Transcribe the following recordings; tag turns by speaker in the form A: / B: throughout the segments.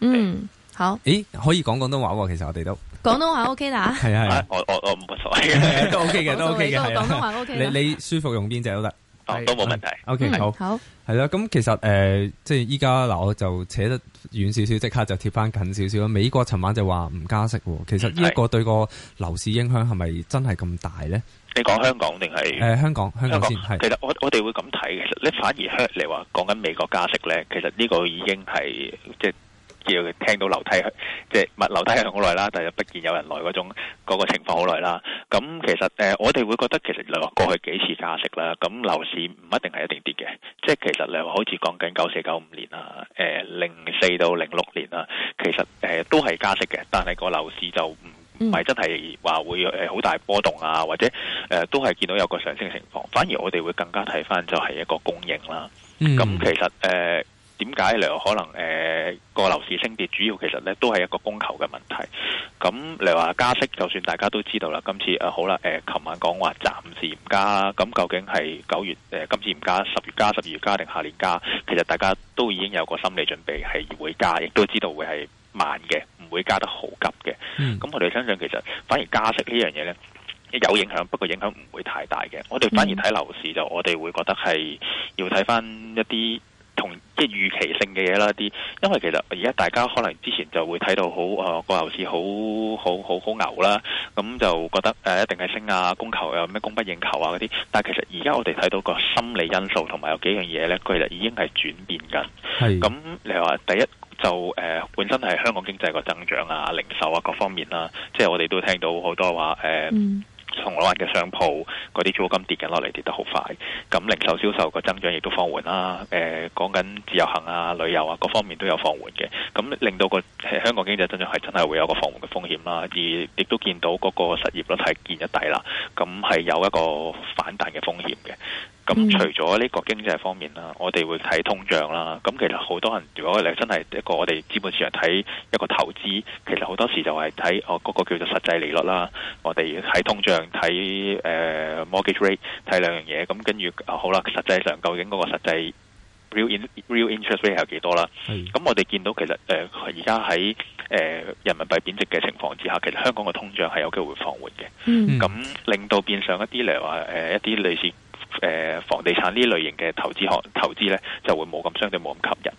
A: 嗯，好。誒、
B: 欸，可以講廣東話喎，啊。其實我哋都
A: 廣東話 OK 啦。
B: 係啊係啊，我我我冇乜所謂嘅，都 OK 嘅，都 OK 嘅。廣東話 OK。你你舒服用邊隻都得，哦啊，都冇問題，嗯。OK，好。係啦。咁、啊、其實誒、呃，即係依家嗱，我就扯得遠少少，即刻就貼翻近少少。美國尋晚就話唔加息，其實呢個對個樓市影響係咪真係咁大咧？你講香港定係？誒、呃，香港香港先。係。
C: 其實我我哋會咁睇，其實你反而嚟你話講緊美國加息咧，其實呢個已經係即係。叫聽到樓梯，即係物樓梯，好耐啦，但係不見有人來嗰種嗰個情況好耐啦。咁其實誒，我哋會覺得其實你話過去幾次加息啦，咁樓市唔一定係一定跌嘅。即係其實你話好似講緊九四九五年啊，誒零四到零六年啊，其實誒都係加息嘅，但係個樓市就唔係真係話會誒好大波動啊，或者誒都係見到有個上升嘅情況。反而我哋會更加睇返就係一個供應啦。咁其實誒點解你話可能誒？係個樓市升跌，主要其實呢都係一個供求嘅問題。咁你話加息，就算大家都知道啦。今次誒、啊、好啦，誒、呃、琴晚講話暫時唔加，咁究竟係九月誒、呃、今次唔加，十月加，十二月加，定下年加？其實大家都已經有個心理準備係會加，亦都知道會係慢嘅，唔會加得好急嘅。咁、mm. 我哋相信，其實反而加息呢樣嘢呢，有影響，不過影響唔會太大嘅。我哋反而睇樓市就，mm. 我哋會覺得係要睇翻一啲。同即係預期性嘅嘢啦啲，因為其實而家大家可能之前就會睇到好誒、呃、個樓市好好好好牛啦，咁就覺得誒、呃、一定係升啊，供求啊咩供不應求啊嗰啲，但係其實而家我哋睇到個心理因素同埋有，有幾樣嘢咧，佢哋已經係轉變緊。係咁，你話第一就誒、呃、本身係香港經濟個增長啊、零售啊各方面啦、啊，即係我哋都聽到好多話誒。呃嗯同從來嘅商鋪，嗰啲租金跌緊落嚟，跌得好快。咁零售銷售個增長亦都放緩啦。誒、呃，講緊自由行啊、旅遊啊各方面都有放緩嘅。咁令到個香港經濟增長係真係會有個放緩嘅風險啦。而亦都見到嗰個失業率係見一底啦。咁係有一個反彈嘅風險嘅。咁、嗯、除咗呢個經濟方面啦，我哋會睇通脹啦。咁其實好多人，如果你真係一個我哋資本市場睇一個投資，其實好多時就係睇哦嗰個叫做實際利率啦。我哋睇通脹，睇誒、呃、mortgage rate，睇兩樣嘢。咁跟住好啦，實際上究竟嗰個實際 real interest rate 係幾多啦？咁我哋見到其實誒而家喺誒人民幣貶值嘅情況之下，其實香港嘅通脹係有機會放緩嘅。咁、嗯、令到變相一啲嚟話一啲類似。呃，房地產呢類型嘅投資項投資呢，就會冇咁相對冇咁吸引。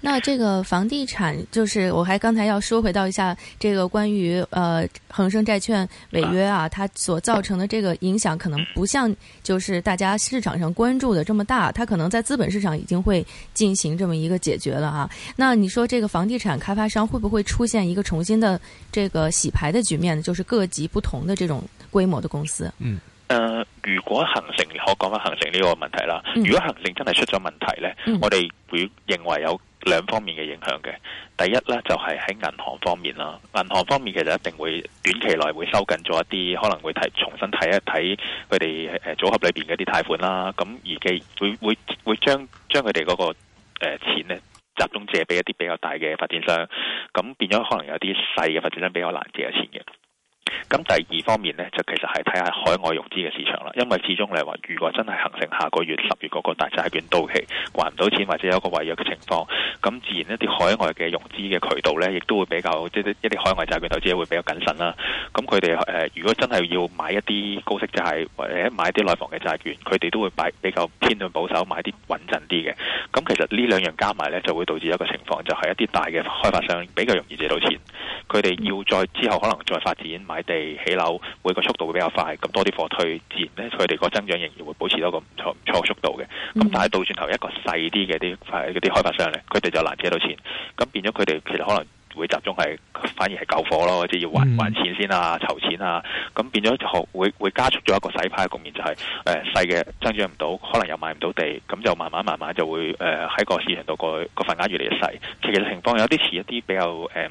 A: 那這個房地產，就是我還剛才要說回到一下，這個關於呃恒生債券違約啊，它所造成的這個影響，可能不像就是大家市場上關注的這麼大。它可能在資本市場已經會進行這麼一個解決了啊。那你說這個房地產開發商會不會出現一個重新的這個洗牌的局面呢？就是各級不同的這種規模的公司，嗯。
C: 誒、呃，如果恆盛，我講翻恆盛呢個問題啦。嗯、如果恆盛真係出咗問題呢，嗯、我哋會認為有兩方面嘅影響嘅。第一呢，就係、是、喺銀行方面啦。銀行方面其實一定會短期內會收緊咗一啲，可能會睇重新睇一睇佢哋誒組合裏邊嗰啲貸款啦。咁而既會會會將將佢哋嗰個誒錢咧集中借俾一啲比較大嘅發展商。咁變咗可能有啲細嘅發展商比較難借到錢嘅。咁第二方面呢，就其實係睇下海外融資嘅市場啦。因為始終你話，如果真係恒盛下個月十月嗰個大債券到期，還唔到錢，或者有一個違約嘅情況，咁自然一啲海外嘅融資嘅渠道呢，亦都會比較即係一啲海外債券投資者會比較謹慎啦。咁佢哋誒，如果真係要買一啲高息，就係或者買啲內房嘅債券，佢哋都會擺比較偏向保守，買啲穩陣啲嘅。咁其實呢兩樣加埋呢，就會導致一個情況，就係、是、一啲大嘅開發商比較容易借到錢，佢哋要再之後可能再發展地起樓，每個速度會比較快，咁多啲貨退。自然咧，佢哋個增長仍然會保持到一個唔錯唔錯速度嘅。咁、mm -hmm. 但係倒轉頭一個細啲嘅啲，係嗰啲開發商咧，佢哋就難借到錢，咁變咗佢哋其實可能會集中係反而係救火咯，即係要還還錢先啊，籌錢啊，咁變咗就會會,會加速咗一個洗牌嘅局面，就係誒細嘅增長唔到，可能又賣唔到地，咁就慢慢慢慢就會誒喺個市場度個、嗰個份額越嚟越細。其實情況有啲似一啲比較誒。呃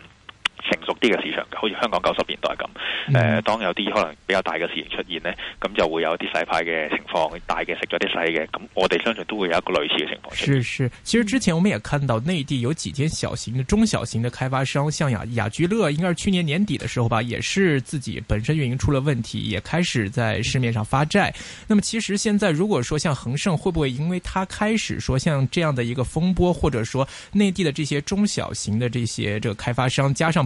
C: 成熟啲嘅市場，好似香港九十年代咁。誒、
D: 呃，當
C: 有啲可能比較大嘅事情出現呢，咁、嗯、就會有啲細派嘅情況，大嘅食咗啲細嘅。咁我哋相信都會有一個類似嘅情況。是
D: 是，其實之前我們也看到內地有幾間小型嘅中小型嘅開發商，像雅雅居樂，應該是去年年底嘅時候吧，也是自己本身運營出了問題，也開始在市面上發債。那麼其實現在，如果說像恒盛，會不會因為他開始說像這樣嘅一個風波，或者說內地嘅這些中小型嘅這些這個開發商，加上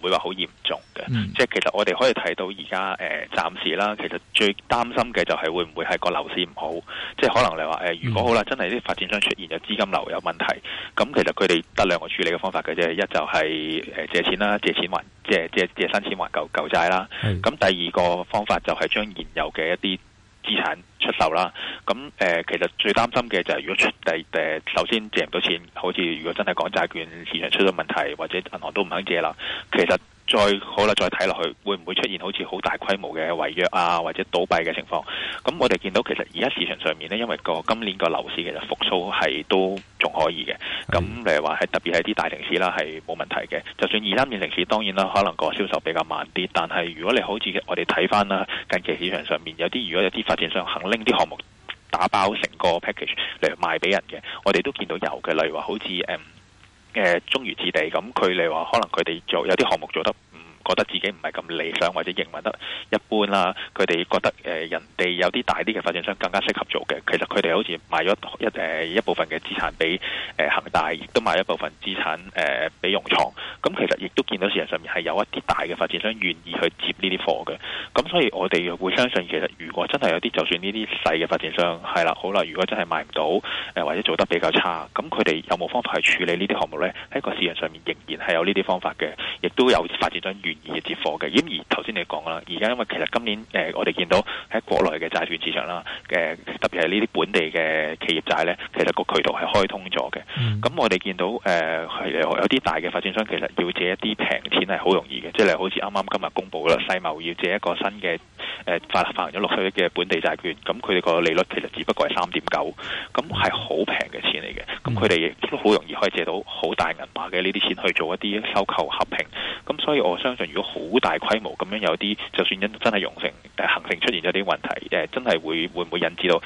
C: 會話好嚴重嘅，嗯，即係其實我哋可以睇到而家誒暫時啦，其實最擔心嘅就係會唔會係個樓市唔好，即係可能你話誒、呃，如果好啦，真係啲發展商出現咗資金流有問題，咁其實佢哋得兩個處理嘅方法嘅啫，一就係、是、誒、呃、借錢啦，借錢還借借借新錢還舊舊債啦，咁第二個方法就係將現有嘅一啲資產。受、嗯、啦，咁、嗯、誒，其實最擔心嘅就係如果出第誒，首先借唔到錢，好似如果真係講債券市場出咗問題，或者銀行都唔肯借啦，其實。再好啦，再睇落去，會唔會出現好似好大規模嘅違約啊，或者倒閉嘅情況？咁我哋見到其實而家市場上面呢，因為個今年個樓市其實復甦係都仲可以嘅。咁例如話係特別喺啲大城市啦，係冇問題嘅。就算二三線城市，當然啦，可能個銷售比較慢啲。但係如果你好似我哋睇翻啦，近期市場上面有啲如果有啲發展商肯拎啲項目打包成個 package 嚟賣俾人嘅，我哋都見到有嘅。例如話好似誒，中餘置地咁，佢哋話可能佢哋做有啲項目做得。覺得自己唔係咁理想或者營運得一般啦，佢哋覺得、呃、人哋有啲大啲嘅發展商更加適合做嘅。其實佢哋好似賣咗一、呃、一部分嘅資產俾誒恆大，亦都賣一部分資產誒俾、呃、融創。咁其實亦都見到市場上面係有一啲大嘅發展商願意去接呢啲貨嘅。咁所以我哋會相信，其實如果真係有啲，就算呢啲細嘅發展商係啦，好啦，如果真係賣唔到、呃、或者做得比較差，咁佢哋有冇方法去處理呢啲項目呢？喺個市場上面仍然係有呢啲方法嘅。亦都有發展商願意嘅接貨嘅，而頭先你講啦，而家因為其實今年誒、呃、我哋見到喺國內嘅債券市場啦，誒、呃、特別係呢啲本地嘅企業債呢，其實個渠道係開通咗嘅。咁、嗯、我哋見到誒、呃、有啲大嘅發展商其實要借一啲平錢係好容易嘅，即、就、係、是、好似啱啱今日公布啦，世茂要借一個新嘅。誒、呃、發發行咗六十億嘅本地債券，咁佢哋個利率其實只不過係三點九，咁係好平嘅錢嚟嘅。咁佢哋亦都好容易可以借到好大銀碼嘅呢啲錢去做一啲收購合併。咁所以我相信，如果好大規模咁樣有啲，就算真真係融城、行城出現咗啲問題，誒、呃、真係會會唔會引致到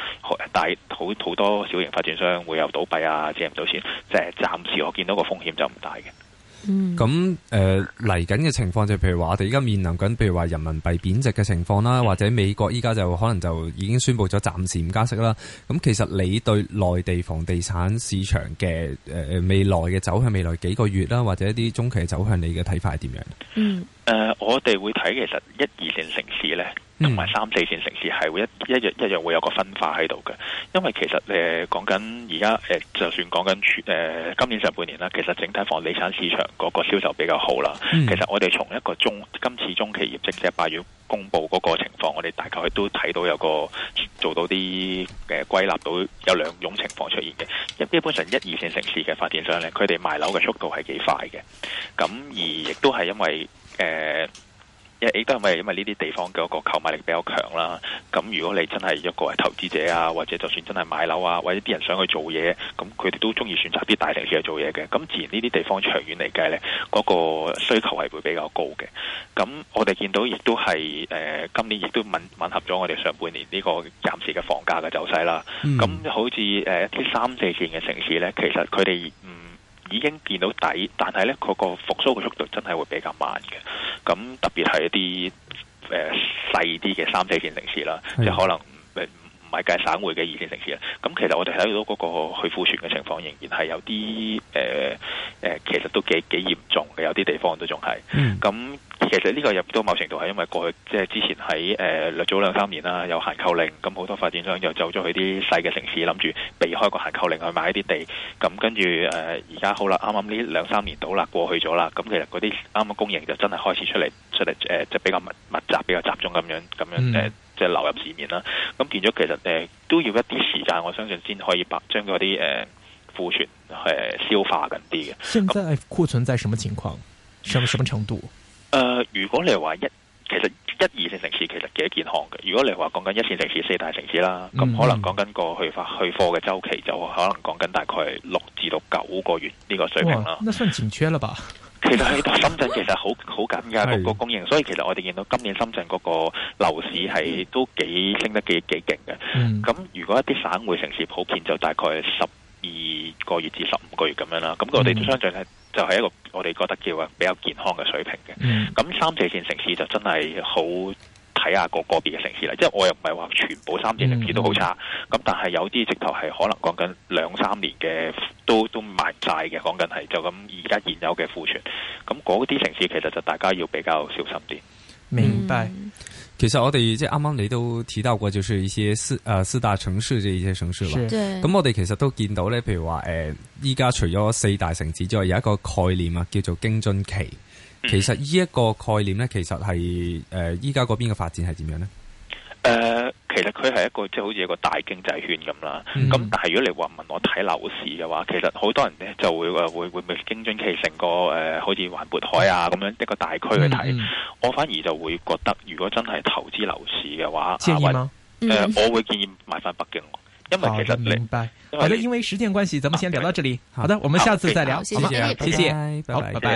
C: 大好好多小型發展商會有倒閉啊、借唔到錢？即、就、係、是、暫時我見到個風險就唔大嘅。
B: 咁誒嚟緊嘅情況就譬如話我哋而家面臨緊，譬如話人民幣貶值嘅情況啦，或者美國依家就可能就已經宣布咗暫時唔加息啦。咁其實你對內地房地產市場嘅、呃、未來嘅走向，未來幾個月啦，或者一啲中期嘅走向，你嘅睇法係點樣？嗯，呃、
C: 我哋會睇其實一、二線城市咧，同埋三四線城市係會一一樣、嗯、一樣會有個分化喺度嘅。因為其實誒講緊而家誒，就算講緊誒今年上半年啦，其實整體房地產市場嗰個銷售比較好啦。嗯、其實我哋從一個中今次中期業績即係八月公布嗰個情況，我哋大概都睇到有個做到啲誒歸納到有兩種情況出現嘅。一基本上一、二線城市嘅發展商咧，佢哋賣樓嘅速度係幾快嘅。咁、嗯、而亦都係因為誒。呃亦都係因為呢啲地方嘅一個購買力比較強啦，咁如果你真係一個係投資者啊，或者就算真係買樓啊，或者啲人想去做嘢，咁佢哋都中意選擇啲大城市去做嘢嘅，咁自然呢啲地方長遠嚟計咧，嗰個需求係會比較高嘅。咁我哋見到亦都係誒今年亦都吻吻合咗我哋上半年呢個暫時嘅房價嘅走勢啦。咁、嗯、好似誒一啲三四線嘅城市咧，其實佢哋唔。嗯已經見到底，但係咧嗰個復甦嘅速度真係會比較慢嘅。咁特別係一啲誒細啲嘅三四線城市啦，即係可能。呃外界省會嘅二線城市啊，咁其實我哋睇到嗰個去庫存嘅情況仍然係有啲誒誒，其實都幾幾嚴重嘅，有啲地方都仲係。咁、嗯、其實呢個入到某程度係因為過去即係、就是、之前喺誒早兩三年啦，有限購令，咁好多發展商就走咗去啲細嘅城市，諗住避開個限購令去買一啲地。咁跟住誒而家好啦，啱啱呢兩三年到啦，過去咗啦，咁其實嗰啲啱啱供應就真係開始出嚟，出嚟誒、呃，就比較密密集比較集中咁樣咁樣誒。嗯即係流入市面啦，咁變咗其實誒都要一啲時間，我相信先可以把將嗰啲誒庫存消化緊啲嘅。
D: 現在庫存在什麼情況，什什麼程度？
C: 誒、呃，如果你話一其實一二線城市其實幾健康嘅，如果你話講緊一線城市四大城市啦，咁、嗯、可能講緊過去發去貨嘅周期就可能講緊大概六至到九個月呢個水平啦。
D: 那算緊缺了吧？
C: 其實喺深圳其實好好緊噶、嗰個供應，所以其實我哋見到今年深圳嗰個樓市係都幾升得幾幾勁嘅。咁、嗯、如果一啲省會城市普遍就大概十二個月至十五個月咁樣啦。咁、嗰個、我哋都相信咧，就係一個我哋覺得叫比較健康嘅水平嘅。咁、嗯、三四線城市就真係好。睇下個個別嘅城市啦，即係我又唔係話全部三線城市都好差，咁、嗯、但係有啲直頭係可能講緊兩三年嘅都都賣曬嘅，講緊係就咁而家現有嘅庫存，咁嗰啲城市其實就大家要
B: 比較小心啲。
A: 明白。嗯、
B: 其實我哋即係啱啱你都提到過，就係一些四啊、呃、四大城市嘅一些城市啦。咁我哋其實都見到咧，譬如話誒，依、呃、家除咗四大城市之外，有一個概念啊，叫做京津冀。其實呢一個概念咧，其實係誒依家嗰邊嘅發展係點樣咧？
C: 誒、呃，其實佢係一個即係好似一個大經濟圈咁啦。咁、嗯、但係如果你話問我睇樓市嘅話，其實好多人咧就會會會唔會京津冀成個誒、呃、好似環渤海啊咁樣一個大區去睇，嗯嗯。我反而就會覺得，如果真係投資樓市嘅話，建議嗎、啊呃嗯、我會建議買翻北京，因為其實你、哦、明白
D: 好的，因為時間關係，咱們先聊到這裏。啊、好的，我們下次再聊。好，謝謝，謝謝，拜拜。